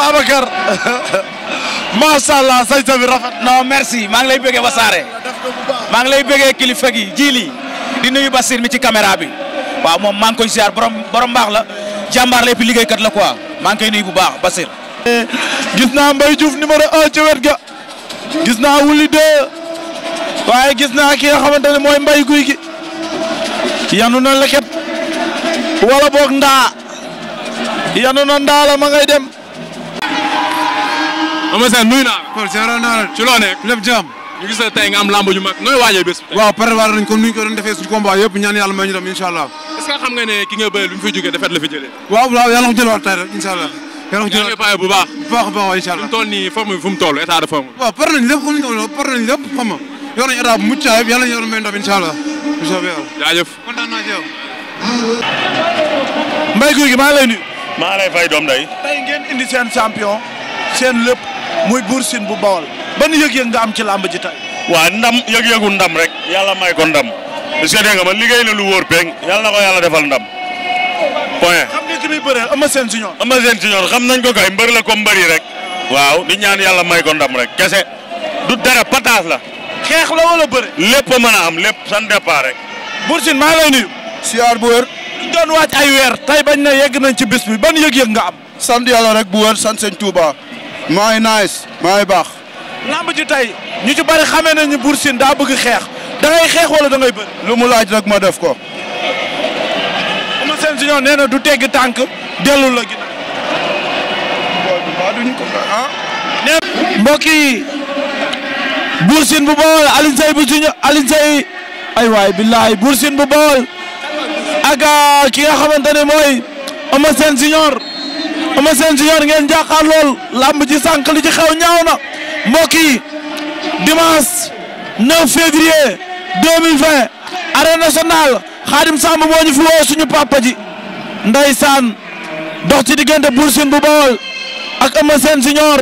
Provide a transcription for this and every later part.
Babacar macha allah say sa bi rafet. non maa ngi lay bëggee Wassare maa ngi lay bëggee kilifa gi jiili di nuyu Basir mi ci caméra bi waaw moom maa ngi koy ziar borom borom baax la jàmbaar la et puis liggéeykat la quoi maa ngi koy nuyu bu baax Basir. gis naa Mbaye Diouf numéro un ci ga gis naa Wuli deux waaye gis naa ki nga xamante ne mooy Mbaye Guy gi yanu na leket wala boog ndaa yanu na ndaa la ma ngay dem. Eumeu Sène nuyu naa. kon général naa ci loo nekk lépp jàmm. ñu gis la tey nga am lamb ju mag nooy waajee bés bi. waaw prévoir nañ comme ni ñu ko doon defee suñu combat yëpp ñaan yàlla may ñu dem incha allah. est ce que xam nga ne ki nga béy lu mu fiy jógee defet la fi jëlee. waaw waaw yàlla na ko jëlwaat tey rek incha allah. yàlla na ko jëlwaat yaa ngi bu baax. bu baax a baax incha allah fi mu toll nii forme bi fu mu toll état de forme. waaw par nañ lépp comme ni ñu ko waxee par nañ lépp xam nga yor nañ état bu mucc ayib yàlla nañ yor may ndam incha allah. incha allah jaajëf. kontaan naa ci yow. Mbaye Gouye Gui maa ngi lay nuyu. maa lay fay doom day. tey ngeen indi seen champion seen lépp muy Bour Sine bu bawal ban yëg-yëg nga am ci làmb ji tey. waaw ndam yëg ndam rek yàlla may ko ndam. parce que nga ma liggéey na lu woor peeg yàlla na ko yàlla defal ndam. point xam nga ki muy bëree Eumeu Sène Junior. Eumeu Sène Junior xam nañ ko kay mbër la ko mbëri rek. waaw di ñaan yàlla may ko ndam rek kese du dara pataas la. xeex la wala bëri. lépp a mën am lépp san départ rek. Bour Sine maa lay nuyu. siyaar bu wér. ñu waaj ay weer tey bañ na yegg nañ ci bis bi ban yëg-yëg nga am. sant yàlla rek bu wér sant maa naas nice maa ngi baax. lamb ji tey ñu ci bari xamee nañu Bour Sine daa bëgg xeex da ngay xeex wala da ngay lu mu laaj rek ma def ko. Eumeu Sène du teggi tànk dellu la ginnaaw. Ah. mbokk yi Bour Sine bu Bawol Alioune Seye bu Junior Alioune Seye ay waay billaay Bour bu Bawol ak ah, ki nga xamante ne mooy Eumeu Sène Junior Eumeu Sène Junior ngeen jàkkaar lool lamb ji sànq li ci xew ñaaw na mbokk yi dimanche 9 février 2020 arène nationale Xaadim Samb moo fi woo suñu papa ji ndeysaan dox ci diggante Bour bu Bawol ak Eumeu Sène Junior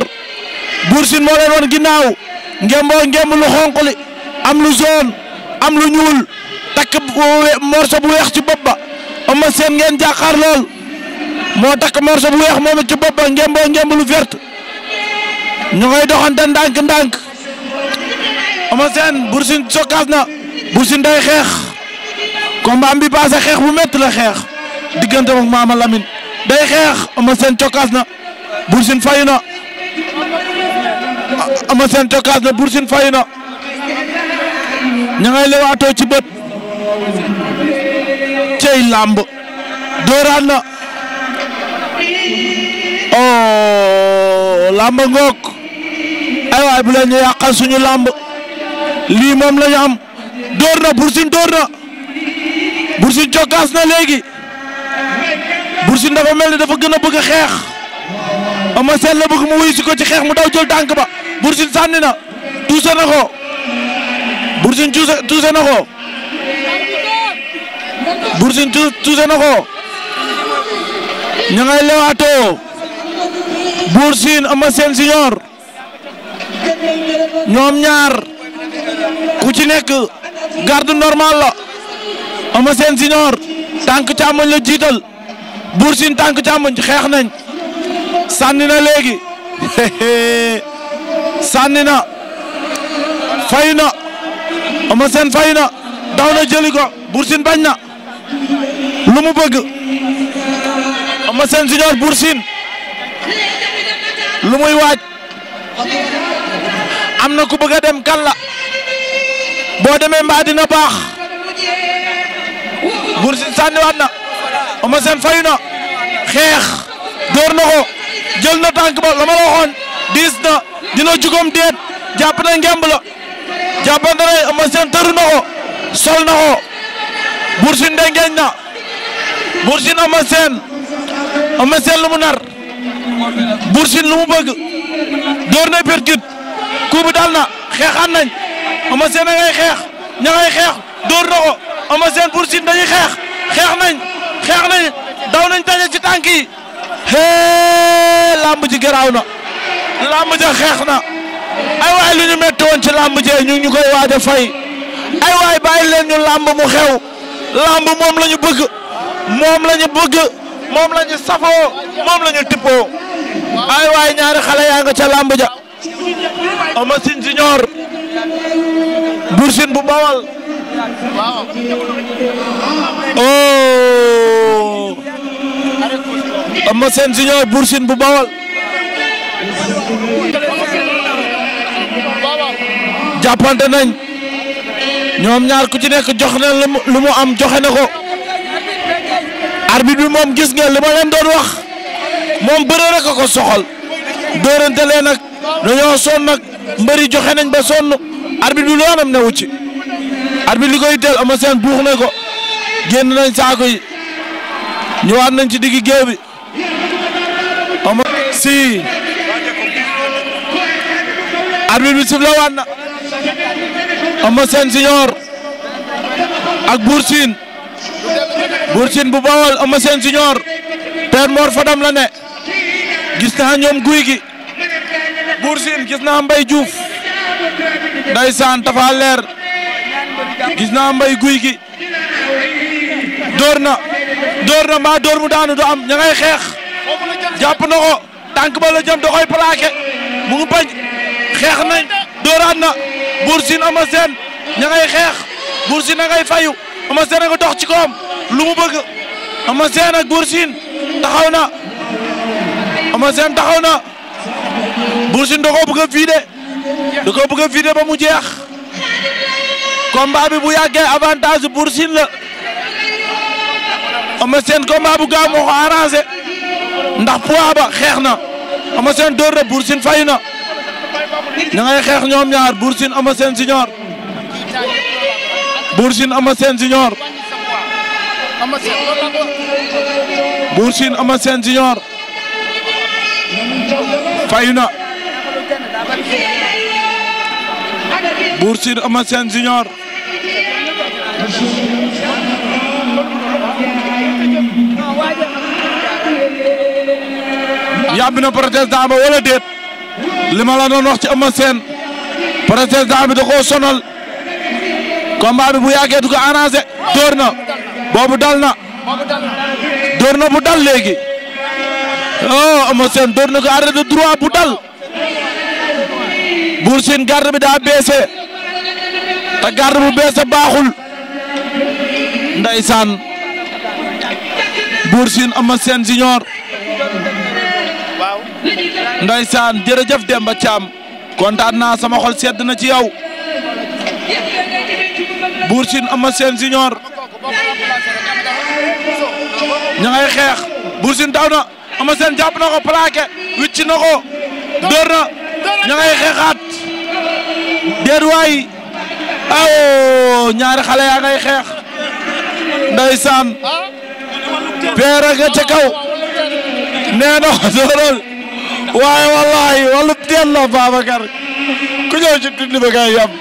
Bour moo leen woon ginnaaw ngemboo ngemb lu xonq li am lu jaune am lu ñuul takk morceau bu weex ci bopp ba Eumeu Sène ngeen jàkkaar lool moo takk morso bu weex moom it ci bopp ba ngemboo ngemb lu vert ñu ngay doxante ndànk ndànk Eumeu Sène Bour Sine day xeex combat bi passé xeex bu métti la xeex diggante ak Mama Lamine day xeex Eumeu Sène cokkaas na Bour Sine fayu na Eumeu Sène na Bour Sine ci bët cey làmb dóoraan oh làmb ngoog ay waay bu leen ñu yàqal lii moom la ñu am door na bursin door na bursin cokkaas na léegi bursin dafa mel ni dafa gën a bëgg a xeex ama seen la bëgg mu wuyu ko ci xeex mu daw jël tànk ba bursin sànni na tuuse na ko bursin tuuse tuuse na ko na ko ña ngay lewaatoo Buur Siin Eumeu Sène Junior ñoom ñaar ku ci nekk garde normal la Eumeu Sène Junior tànk càmmoñ la jiital Buur Siin tànk càmmoñ xeex nañ sànni na léegi sànni na fay na Eumeu Sène na daw na jëli ko Buur Siin bañ na bëgg Eumeu Sène Junior Bour waaj am na ku bëgg a dem kan boo demee mbaa dina baax Bour Sine sànniwaat na Eumeu Sène fayu na xeex door na ko jël na tànk ba la ma diis na dina jugom deet jàpp na ngemb la jàppante ne Eumeu Sène tëru na ko sol na ko Bour Sine dengeñ na Bour Sine Eumeu Eumeu Sène lu mu nar Bour lu mu bëgg door na percute coup bi dal na xeexaan nañ Eumeu xeex ña xeex door na ko Eumeu Sène Bour Sine dañuy xeex xeex nañ xeex nañ daw taje ci tànk hee làmb ji garaaw na làmb ja xeex na ay waay lu ñu metti woon ci làmb jee ñu ñu koy waaj a fay ay waay bàyyi leen ñu làmb mu xew làmb moom la bëgg moom la bëgg moom la ñu safoo moom la ñu tippoo ay waay ñaari xale yaa nga ca làmb ja Eumeu Sène Junior Bour bu Bawal oh Eumeu Sène Junior Bour bu Bawal jàppante nañ ñoom ñaar ku ci nekk jox na lu am joxe na ko arbitre bi moom gis ngeen li ma leen doon wax moom bëre a ko soxal dóorante leen nag dañoo sonn nag mbëri joxe nañ ba sonn arbitre bi loonam newu ci arbitre li koy teel ama seen buux ne ko génn nañ saako yi ñëwaat nañ ci diggi géew bi ama si arbitre bi siflewaat na ama seen siñoor ak buur siin Bour Sine bu Bawol Eumeu Sène Junior Père Mor Fadam gis naa ñoom guy gi Bour Sine gis naa Mbaye Diouf ndeysaan dafa leer gis naa mbay guy gi door na door na mbaa door mu daanu du am ña ngay xeex jàpp na ko tànk ba la jëm da mu ngi xeex nañ dooraat na Bour Sine Eumeu Sène xeex Bour a ngay fayu Eumeu Sène nga dox ci koom lu mu bëgg Eumeu Sène ak Bour Sine taxaw na Eumeu Sène taxaw na Bour Sine da koo bëgg a vidé da koo bëgg ba mu jeex combat bi bu yàggee avantage Bour Sine la Eumeu Sène combat bu gaaw moo ndax poids ba xeex na Eumeu seen dóor na Bour fayu na ña ngay xeex ñoom ñaar Bour Sine Eumeu Sène senior Bour Sine Eumeu Sène Junior. Bour Sine Eumeu Sène Junior. fayu na. Bour Sine wala déet li ma la doon wax ci da koo sonal. combat bi bu yàggee du ko arrangé dóor boobu dal na dóor na bu dal léegi oh Eumeu Sène dóor na ko arrêt de droit bu dal Bour Sine garde bi daa baissé te garde bu baissé baaxul ndeysaan Bour Sine seen Sène junior ndeysaan jërëjëf Demba Thiam kontaan naa sama xol sedd na ci yow Bour Sine Eumeu Sène Junior ña ngay xeex Bour Sine daw na ko plaqué wicc ko dóor na ña ngay xeexaat déet waay awo ñaari xale yaa ngay xeex ndeysaan peere nga ca kaw nee na waaye wallahi walu teel la ku ñëw ci tudd ba ngay yam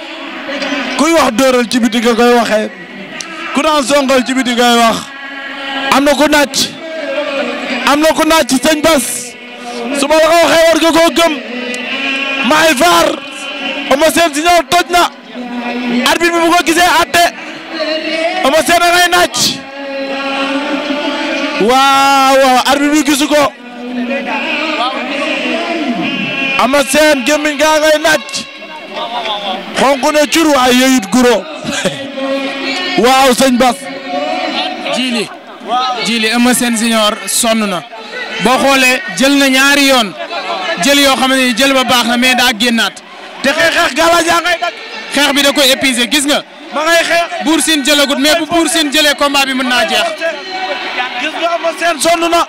kuy wax dóoral ci biti nga koy waxee ku naan songal ci biti ngay wax am na ku naaj am na ku naaj sëñ Bas su ma la war nga koo gëm maay vaar ama seen si ñëw toj na arbitre bi bu ko gisee atte ama seen a ngay naaj waaw waaw arbitre bi gisu ama seen gémmiñ gaa ngay naaj xonq ne cur waaye yeyut guro waaw sëñ Bas. jiili jiili Eumeu Sène Junior na boo xoole jël na ñaari yoon jël yoo xam ne jël ba baax na mais daa génnaat. te xeex xeex gala jaa ngay dag xeex bi da koy épuisé gis nga. ma ngay xeex buur siin jëlagut mais bu buur siin jëlee combat bi mën naa jeex. gis nga Eumeu Sène sonn na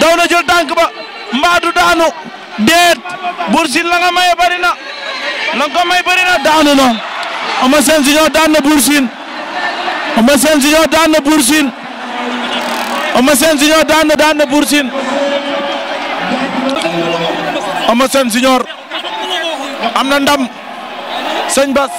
daw na jël tànk ba mbaadu daanu deet buur siin la nga maye bari na. lan ko may bëri na daanu na Eumeu Sène Junior daan na Bour Sine Eumeu Sène Junior na Bour ndam sëñ Bas